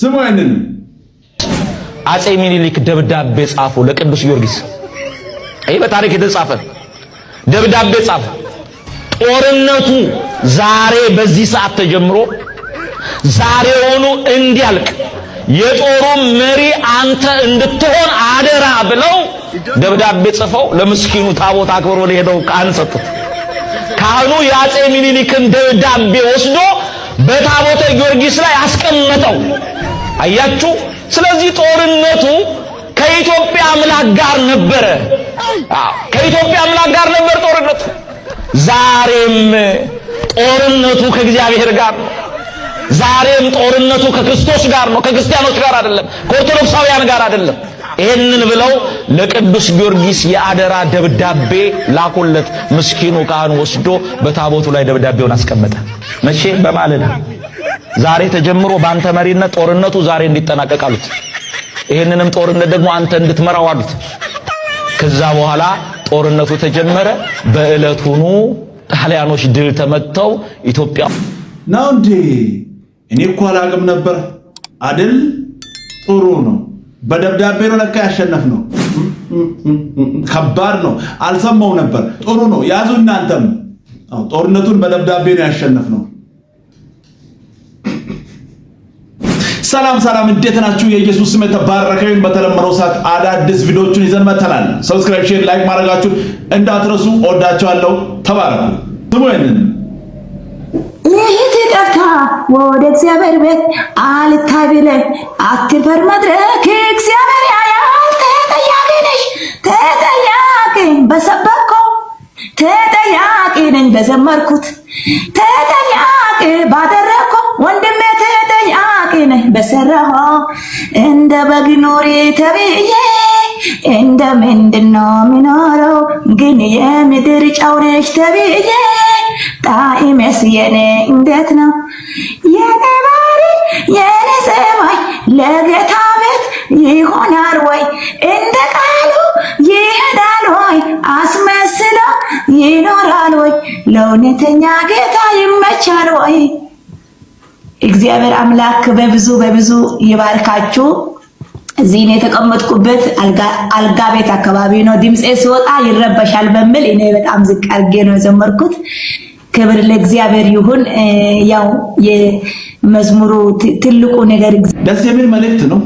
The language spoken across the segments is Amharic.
ስሙ ያንን አጼ ሚኒሊክ ደብዳቤ ጻፉ ለቅዱስ ጊዮርጊስ። ይህ በታሪክ የተጻፈ ደብዳቤ ጻፉ። ጦርነቱ ዛሬ በዚህ ሰዓት ተጀምሮ ዛሬውኑ እንዲያልቅ የጦሩ መሪ አንተ እንድትሆን አደራ ብለው ደብዳቤ ጽፈው ለምስኪኑ ታቦት አክብሮ ለሄደው ካህን ሰጡት። ካህኑ የአጼ ሚኒሊክን ደብዳቤ ወስዶ በታቦተ ጊዮርጊስ ላይ አስቀመጠው። አያችሁ። ስለዚህ ጦርነቱ ከኢትዮጵያ አምላክ ጋር ነበረ። ከኢትዮጵያ አምላክ ጋር ነበር ጦርነቱ። ዛሬም ጦርነቱ ከእግዚአብሔር ጋር ነው። ዛሬም ጦርነቱ ከክርስቶስ ጋር ነው። ከክርስቲያኖች ጋር አይደለም፣ ከኦርቶዶክሳውያን ጋር አይደለም። ይህንን ብለው ለቅዱስ ጊዮርጊስ የአደራ ደብዳቤ ላኩለት። ምስኪኑ ካህን ወስዶ በታቦቱ ላይ ደብዳቤውን አስቀመጠ። መቼም በማለት ዛሬ ተጀምሮ በአንተ መሪነት ጦርነቱ ዛሬ እንዲጠናቀቅ አሉት። ይህንንም ጦርነት ደግሞ አንተ እንድትመራው አሉት። ከዛ በኋላ ጦርነቱ ተጀመረ። በእለቱኑ ጣሊያኖች ድል ተመተው ኢትዮጵያ ነው እንዴ? እኔ እኮ አላቅም ነበር አድል። ጥሩ ነው። በደብዳቤ ነው ለካ ያሸነፍ ነው። ከባድ ነው። አልሰማው ነበር። ጥሩ ነው። ያዙ እናንተም ጦርነቱን በደብዳቤ ነው ያሸነፍነው። ሰላም ሰላም፣ እንዴት ናችሁ? የኢየሱስ ስም የተባረከውን። በተለመደው ሰዓት አዳዲስ ቪዲዮዎችን ይዘን መተናል። ሰብስክራይብ፣ ሼር፣ ላይክ ማድረጋችሁን እንዳትረሱ። ወዳችኋለሁ። ተባረኩ። ስሙ ይንን ወደ እግዚአብሔር ቤት አልታይ ብለህ አትፈር። መድረክ እግዚአብሔር ያያል። ተጠያቂ ነሽ፣ ተጠያቂ በሰበኮ እኔም በዘመርኩት ተጠያቂ ባደረግኩ ወንድሜ ተጠያቂ ነህ በሰራሁ እንደ በግ ኑሪ ተብዬ እንደ ምንድነው የሚኖረው ግን የምድር ጨው ነሽ ተብዬ ጣዕምስ የኔ እንዴት ነው የኔ ባሪ የኔ ሰማይ ለጌታ ቤት ይሆናል ወይ እንደ ቃሉ ይሄዳል ወይ አስመስለው ይኖራል እውነተኛ ጌታ ይመቻል ወይ? እግዚአብሔር አምላክ በብዙ በብዙ ይባርካችሁ። እዚህ እኔ የተቀመጥኩበት አልጋ ቤት አካባቢ ነው። ድምፄ ስወጣ ይረበሻል በሚል እኔ በጣም ዝቅ አድርጌ ነው የዘመርኩት። ክብር ለእግዚአብሔር ይሁን። ያው የመዝሙሩ ትልቁ ነገር ደስ የሚል መልእክት ነው።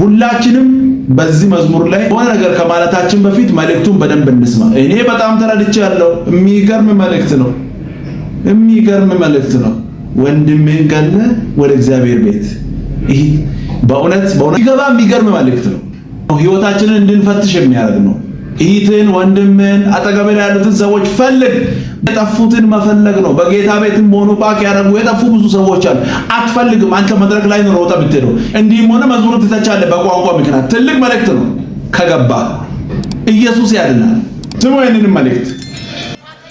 ሁላችንም በዚህ መዝሙር ላይ የሆነ ነገር ከማለታችን በፊት መልእክቱን በደንብ እንስማ። እኔ በጣም ተረድቻለሁ። የሚገርም መልእክት ነው። የሚገርም መልእክት ነው። ወንድሜን ገለ ወደ እግዚአብሔር ቤት። ይሄ በእውነት በእውነት ይገባ የሚገርም መልእክት ነው። ህይወታችንን እንድንፈትሽ የሚያደርግ ነው። እህትን፣ ወንድምን፣ አጠገብን ያሉትን ሰዎች ፈልግ። የጠፉትን መፈለግ ነው። በጌታ ቤትም ሆኖ ባክ ያደረጉ የጠፉ ብዙ ሰዎች አሉ። አትፈልግም። አንተ መድረክ ላይ ነው ሮጠ ብትሄደው እንዲህም ሆነ መዝሙር ትተቻለህ። በቋንቋ ምክንያት ትልቅ መልእክት ነው። ከገባ ኢየሱስ ያድናል። ስሙ ይህንን መልእክት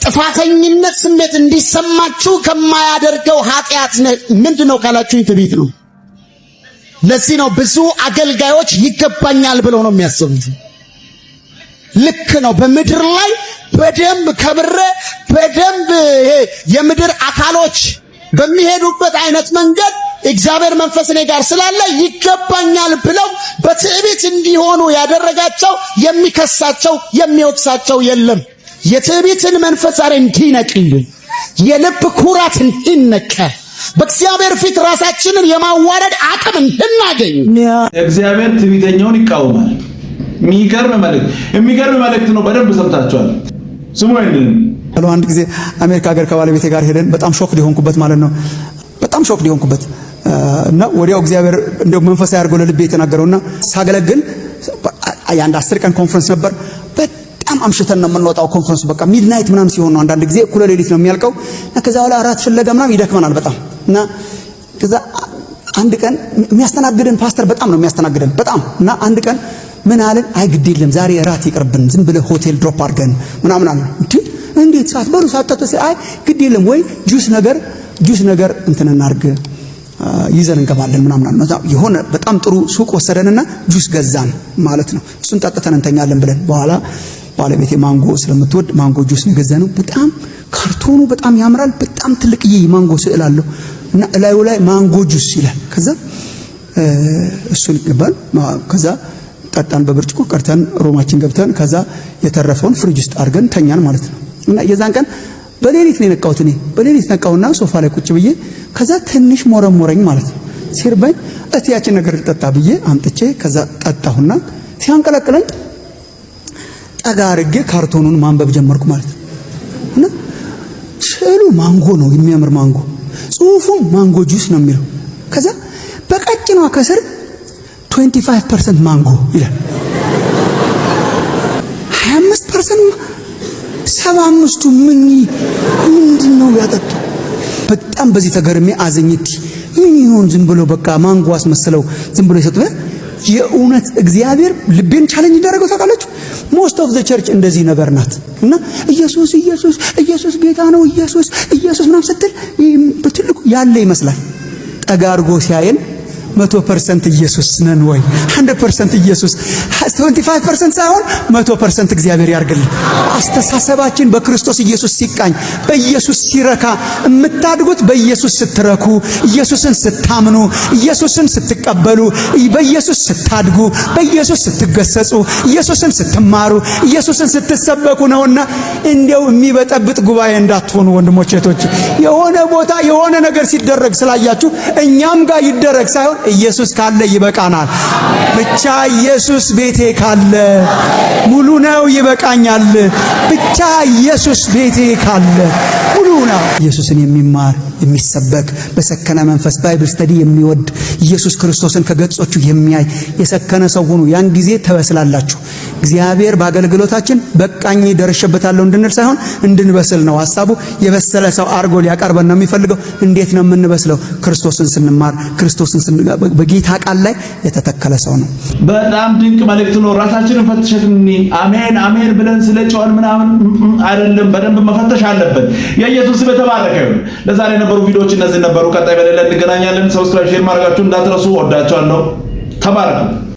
ጥፋተኝነት ስሜት እንዲሰማችሁ ከማያደርገው ኃጢአት ምንድን ነው ካላችሁኝ፣ ትዕቢት ነው። ለዚህ ነው ብዙ አገልጋዮች ይገባኛል ብለው ነው የሚያስቡት። ልክ ነው። በምድር ላይ በደንብ ከብሬ በደንብ የምድር አካሎች በሚሄዱበት አይነት መንገድ እግዚአብሔር መንፈስ እኔ ጋር ስላለ ይገባኛል ብለው በትዕቢት እንዲሆኑ ያደረጋቸው የሚከሳቸው የሚወቅሳቸው የለም። የትዕቢትን መንፈስ ዛሬ እንዲነቅልን የልብ ኩራት እንዲነቀ በእግዚአብሔር ፊት ራሳችንን የማዋረድ አቅም እንድናገኝ እግዚአብሔር ትዕቢተኛውን ይቃወማል። የሚገርም መልእክት የሚገርም መልእክት ነው። በደንብ ሰምታችኋል። ስሙ ይንን አንድ ጊዜ አሜሪካ ሀገር ከባለቤቴ ጋር ሄደን በጣም ሾክ ሊሆንኩበት ማለት ነው። በጣም ሾክ ሊሆንኩበት እና ወዲያው እግዚአብሔር እንደው መንፈሳዊ አድርጎ ለልቤ የተናገረውና ሳገለግል የአንድ አስር ቀን ኮንፈረንስ ነበር። አምሽተን ነው የምንወጣው ኮንፈረንስ በቃ ሚድናይት ምናምን ሲሆን ነው አንዳንድ ጊዜ እኩለ ሌሊት ነው የሚያልቀው እና ከዛ በኋላ እራት ፍለጋ ምናምን ይደክመናል በጣም እና ከዛ አንድ ቀን የሚያስተናግደን ፓስተር በጣም ነው የሚያስተናግደን በጣም እና አንድ ቀን ምን አለን አይ ግድ የለም ዛሬ እራት ይቅርብን ዝም ብለ ሆቴል ድሮፕ አድርገን ምናምን አለ እንዴት ሰዓት በሩ ሰዓት ጠጥቶ አይ ግድ የለም ወይ ጁስ ነገር ጁስ ነገር እንትን እናድርግ ይዘን እንገባለን ምናምን አለ የሆነ በጣም ጥሩ ሱቅ ወሰደንና ጁስ ገዛን ማለት ነው እሱን ጠጥተን እንተኛለን ብለን በኋላ ባለቤቴ ማንጎ ስለምትወድ ማንጎ ጁስ ነው የገዛነው። በጣም ካርቶኑ በጣም ያምራል። በጣም ትልቅዬ ማንጎ ስዕል አለው እና እላዩ ላይ ማንጎ ጁስ ይላል። ከዛ እሱን ይገባል። ከዛ ጠጣን በብርጭቆ ቀርተን ሮማችን ገብተን ከዛ የተረፈውን ፍሪጅ ውስጥ አድርገን ተኛን ማለት ነው። እና የዛን ቀን በሌሊት ነው የነቃሁት። እኔ በሌሊት ነቃሁና ሶፋ ላይ ቁጭ ብዬ ከዛ ትንሽ ሞረሞረኝ ማለት ነው። ሲርበኝ ያችን ነገር ልጠጣ ብዬ አምጥቼ ከዛ ጠጣሁና ሲያንቀለቅለኝ ጠጋ አድርጌ ካርቶኑን ማንበብ ጀመርኩ ማለት ነው። እና ስዕሉ ማንጎ ነው፣ የሚያምር ማንጎ፣ ጽሁፉም ማንጎ ጁስ ነው የሚለው። ከዛ በቀጭኗ ከስር 25 ፐርሰንት ማንጎ ይላል። 25 ፐርሰንት ሰባ አምስቱ ምን ምንድን ነው ያጠጡ? በጣም በዚህ ተገርሜ አዘኝቲ ምን ይሆን ዝም ብሎ በቃ ማንጎ አስመስለው ዝም ብሎ የሰጡ የእውነት እግዚአብሔር ልቤን ቻለኝ እንዳደረገው ታውቃላችሁ። ሞስት ኦፍ ዘ ቸርች እንደዚህ ነገር ናት እና ኢየሱስ ኢየሱስ ኢየሱስ ጌታ ነው ኢየሱስ ኢየሱስ ምናምን ስትል በትልቁ ያለ ይመስላል። ጠጋርጎ አድርጎ ሲያየን መቶ ፐርሰንት ኢየሱስ ነን ወይ? ሀንድረድ ፐርሰንት ኢየሱስ ሰቨንቲ ፐርሰንት ሳይሆን መቶ ፐርሰንት እግዚአብሔር ያርግልን። አስተሳሰባችን በክርስቶስ ኢየሱስ ሲቃኝ፣ በኢየሱስ ሲረካ እምታድጉት በኢየሱስ ስትረኩ፣ ኢየሱስን ስታምኑ፣ ኢየሱስን ስትቀበሉ፣ በኢየሱስ ስታድጉ፣ በኢየሱስ ስትገሰጹ፣ ኢየሱስን ስትማሩ፣ ኢየሱስን ስትሰበኩ ነውና እንዲያው የሚበጠብጥ ጉባኤ እንዳትሆኑ ወንድሞች እህቶች፣ የሆነ ቦታ የሆነ ነገር ሲደረግ ስላያችሁ እኛም ጋር ይደረግ ሳይሆን ኢየሱስ ካለ ይበቃናል። ብቻ ኢየሱስ ቤቴ ካለ ሙሉ ነው፣ ይበቃኛል። ብቻ ኢየሱስ ቤቴ ካለ ሙሉ ነው። ኢየሱስን የሚማር የሚሰበክ በሰከነ መንፈስ ባይብል ስተዲ የሚወድ ኢየሱስ ክርስቶስን ከገጾቹ የሚያይ የሰከነ ሰው ሁኑ። ያን ጊዜ ተበስላላችሁ። እግዚአብሔር በአገልግሎታችን በቃኝ ደርሼበታለሁ እንድንል ሳይሆን እንድንበስል ነው ሀሳቡ የበሰለ ሰው አርጎ ሊያቀርበን ነው የሚፈልገው። እንዴት ነው የምንበስለው? ክርስቶስን ስንማር ክርስቶስን በጌታ ቃል ላይ የተተከለ ሰው ነው። በጣም ድንቅ መልእክት ነው። ራሳችንን ፈትሸትኒ አሜን አሜን ብለን ስለ ጨዋን ምናምን አይደለም፣ በደንብ መፈተሽ አለብን። የኢየሱስ በተባረከ ይሁን። ለዛሬ የነበሩ ቪዲዮዎች እነዚህ ነበሩ። ቀጣይ በሌለ እንገናኛለን። ሰብስክራይብ፣ ሼር ማድረጋችሁ እንዳትረሱ። ወዳችኋለሁ። ተባረኩ።